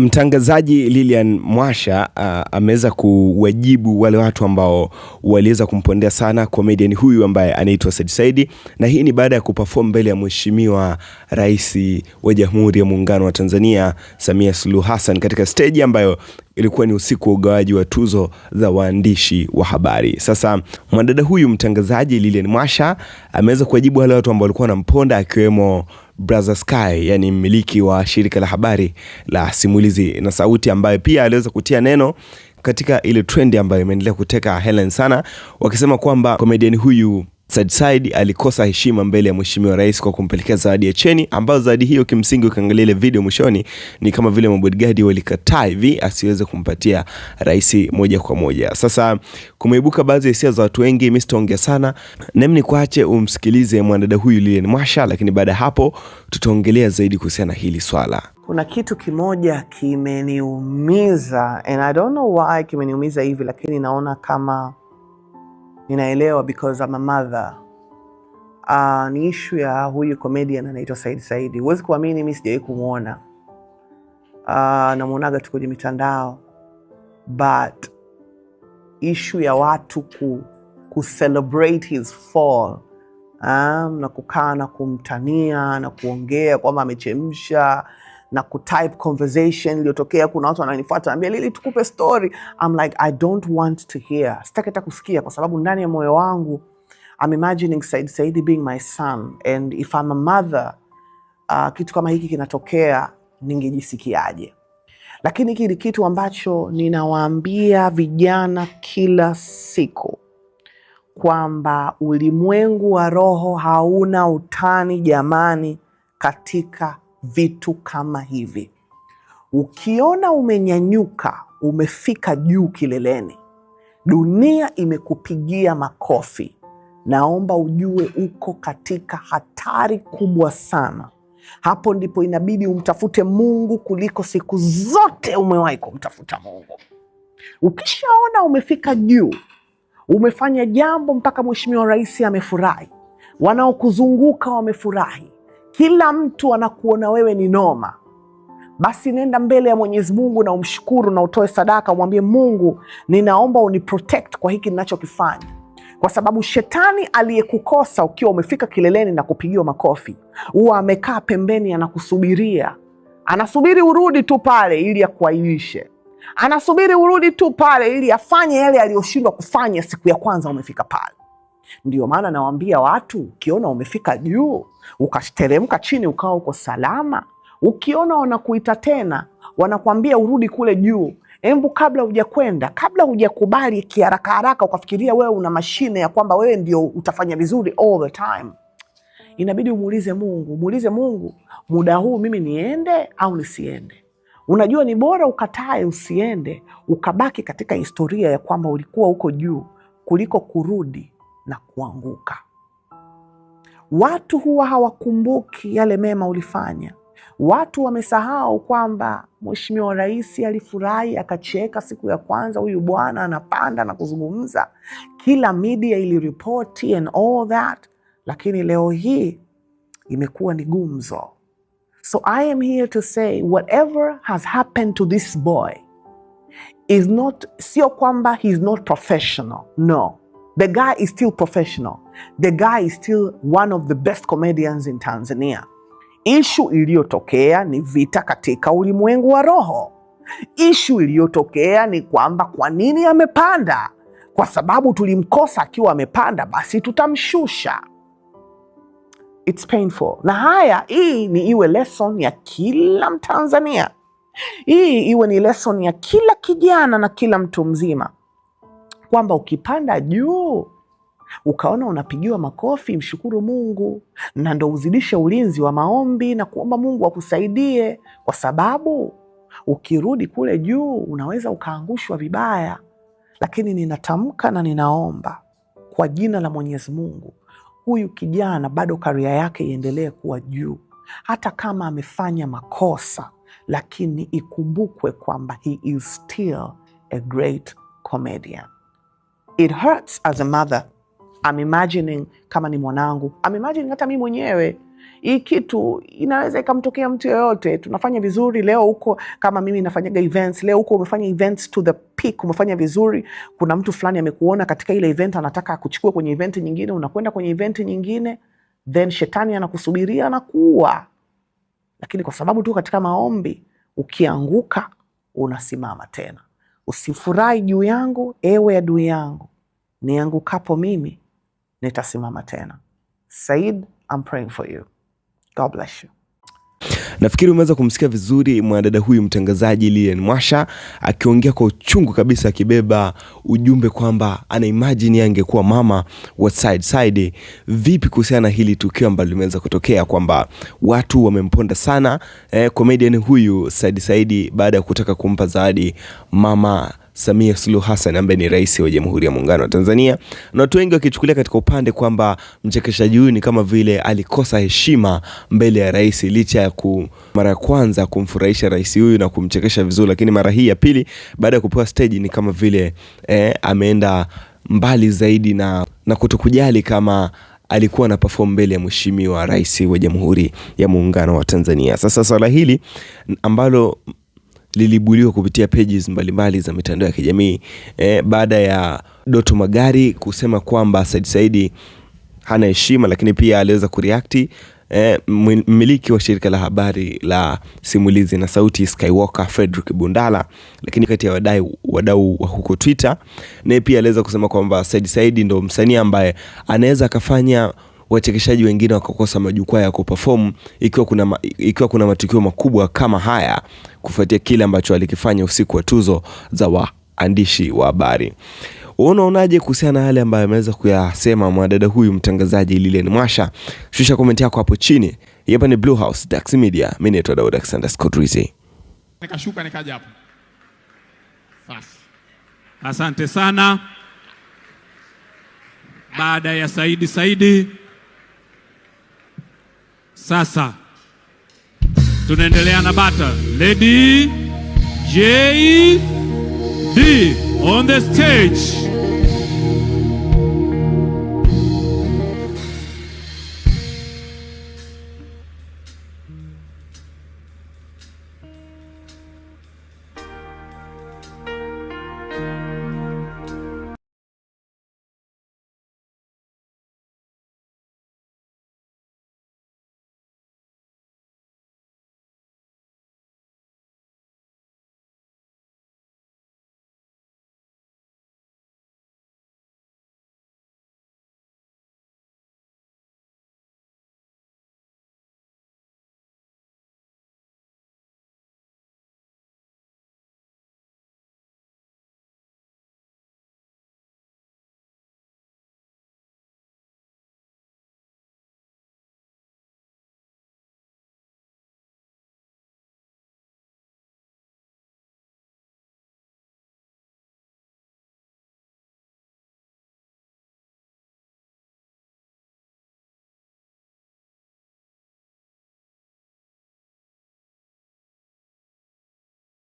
Mtangazaji Lilian Mwasha uh, ameweza kuwajibu wale watu ambao waliweza kumpondea sana comedian huyu ambaye anaitwa Said Saidi, na hii ni baada ya kuperform mbele ya Mheshimiwa Rais wa Jamhuri ya Muungano wa Tanzania Samia Suluhu Hassan katika stage ambayo ilikuwa ni usiku wa ugawaji wa tuzo za waandishi wa habari. Sasa mwanadada huyu mtangazaji Lilian Mwasha ameweza kuwajibu wale watu ambao walikuwa wanamponda akiwemo Brother Sky, yani mmiliki wa shirika la habari la Simulizi na Sauti, ambaye pia aliweza kutia neno katika ile trendi ambayo imeendelea kuteka helen sana, wakisema kwamba komedian huyu Said Said alikosa heshima mbele ya mheshimiwa rais kwa kumpelekea zawadi ya cheni, ambayo zawadi hiyo kimsingi, ukiangalia ile video mwishoni, ni kama vile mabodyguard walikataa hivi asiweze kumpatia rais moja kwa moja. Sasa kumeibuka baadhi ya hisia za watu wengi, mimi sitaongea sana, nami ni kuache umsikilize mwanadada huyu Lilian Mwasha, lakini baada ya hapo tutaongelea zaidi kuhusiana na hili swala. Kuna kitu kimoja kimeniumiza and I don't know why kimeniumiza hivi, lakini naona kama ninaelewa because I'm a mother. Uh, ni ishu ya huyu comedian anaitwa Said Saidi. Huwezi kuamini mimi sijawahi kumuona. Uh, namuonaga tu kwenye mitandao but ishu ya watu ku, ku celebrate his fall um, na kukaa na kumtania na kuongea kwamba amechemsha na kutype conversation iliyotokea. Kuna watu wananifuata anambia, Lili, tukupe story. I'm like I don't want to hear, sitaki hata kusikia, kwa sababu ndani ya moyo wangu I'm imagining Said Saidi being my son and if I'm a mother uh, kitu kama hiki kinatokea ningejisikiaje? Lakini hiki ni kitu ambacho ninawaambia vijana kila siku kwamba ulimwengu wa roho hauna utani jamani, katika vitu kama hivi. Ukiona umenyanyuka, umefika juu kileleni, dunia imekupigia makofi, naomba ujue uko katika hatari kubwa sana. Hapo ndipo inabidi umtafute Mungu kuliko siku zote umewahi kumtafuta Mungu. Ukishaona umefika juu, umefanya jambo mpaka mheshimiwa rais amefurahi, wanaokuzunguka wamefurahi kila mtu anakuona wewe ni noma, basi nenda mbele ya Mwenyezi Mungu na umshukuru na utoe sadaka, umwambie Mungu, ninaomba uniprotect kwa hiki ninachokifanya kwa sababu shetani aliyekukosa ukiwa umefika kileleni na kupigiwa makofi huwa amekaa pembeni, anakusubiria, anasubiri urudi tu pale ili akuaibishe, anasubiri urudi tu pale ili afanye yale aliyoshindwa kufanya siku ya kwanza umefika pale ndio maana nawaambia watu, ukiona umefika juu ukateremka chini ukawa uko salama, ukiona wanakuita tena wanakwambia urudi kule juu, embu kabla hujakwenda, kabla hujakubali kiharaka haraka ukafikiria wewe una mashine ya kwamba wewe ndio utafanya vizuri all the time, inabidi umuulize Mungu, muulize Mungu, muda huu mimi niende au nisiende? Unajua, ni bora ukatae usiende, ukabaki katika historia ya kwamba ulikuwa huko juu kuliko kurudi na kuanguka. Watu huwa hawakumbuki yale mema ulifanya. Watu wamesahau kwamba Mheshimiwa Rais alifurahi akacheka siku ya kwanza, huyu bwana anapanda na kuzungumza, kila media iliripoti and all that, lakini leo hii imekuwa ni gumzo. So I am here to say whatever has happened to this boy is not, sio kwamba he is not professional, no The guy is still professional. The guy is still one of the best comedians in Tanzania. Ishu iliyotokea ni vita katika ulimwengu wa roho. Ishu iliyotokea ni kwamba kwa nini amepanda? Kwa sababu tulimkosa akiwa amepanda, basi tutamshusha. It's painful. Na haya, hii ni iwe lesson ya kila Mtanzania, hii iwe ni lesson ya kila kijana na kila mtu mzima kwamba ukipanda juu ukaona unapigiwa makofi, mshukuru Mungu, na ndo uzidishe ulinzi wa maombi na kuomba Mungu akusaidie, kwa sababu ukirudi kule juu unaweza ukaangushwa vibaya. Lakini ninatamka na ninaomba kwa jina la Mwenyezi Mungu, huyu kijana bado karia yake iendelee kuwa juu, hata kama amefanya makosa, lakini ikumbukwe kwamba he is still a great comedian. It hurts as a mother. I'm imagining kama ni mwanangu, I'm imagining hata mi mwenyewe hii kitu inaweza ikamtokea mtu yoyote. Tunafanya vizuri leo huko, kama mimi nafanyaga events leo huko, umefanya events to the peak, umefanya vizuri, kuna mtu fulani amekuona katika ile event, anataka akuchukue kwenye event nyingine, unakwenda kwenye event nyingine, then shetani anakusubiria na kuua. Lakini kwa sababu tu katika maombi, ukianguka unasimama tena. Usifurahi juu yangu, ewe adui yangu, niangukapo mimi nitasimama tena. Said, I'm praying for you. God bless you. Nafikiri umeweza kumsikia vizuri mwanadada huyu mtangazaji Lilian Mwasha akiongea kwa uchungu kabisa, akibeba ujumbe kwamba ana imagine angekuwa mama wa Said Said vipi kuhusiana na hili tukio ambalo limeweza kutokea, kwamba watu wamemponda sana eh, comedian huyu Said Said baada ya kutaka kumpa zawadi mama Samia Suluhu Hassan ambaye ni rais wa Jamhuri ya Muungano wa Tanzania, na watu wengi wakichukulia katika upande kwamba mchekeshaji huyu ni kama vile alikosa heshima mbele ya rais, licha ya ku mara ya kwanza kumfurahisha rais huyu na kumchekesha vizuri, lakini mara hii ya pili baada ya kupewa stage ni kama vile eh, ameenda mbali zaidi na, na kutokujali kama alikuwa na perform mbele ya mheshimiwa rais wa Jamhuri ya Muungano wa Tanzania. Sasa swala hili ambalo lilibuliwa kupitia pages mbalimbali za mitandao ya kijamii e, baada ya Doto Magari kusema kwamba Said Saidi hana heshima, lakini pia aliweza kureact E, mmiliki wa shirika la habari la Simulizi na Sauti Skywalker Frederick Bundala, lakini kati ya wadau wadau wa huko Twitter, naye pia aliweza kusema kwamba Said Saidi ndo msanii ambaye anaweza akafanya wachekeshaji wengine wakakosa majukwaa ya kuperform ikiwa kuna, ma, ikiwa kuna matukio makubwa kama haya kufuatia kile ambacho alikifanya usiku wa tuzo za waandishi wa habari. Unaonaje kuhusiana na yale ambayo ameweza kuyasema mwanadada huyu mtangazaji Lilian Mwasha? Shusha komenti yako hapo chini. Hapa ni Blue House Dax Media. Mimi naitwa Daud Alexander Scott Rizzi. Nikashuka nikaja hapo. Sasa. Asante sana. Baada ya Saidi Saidi sasa tunaendelea na battle Lady J e D on the stage.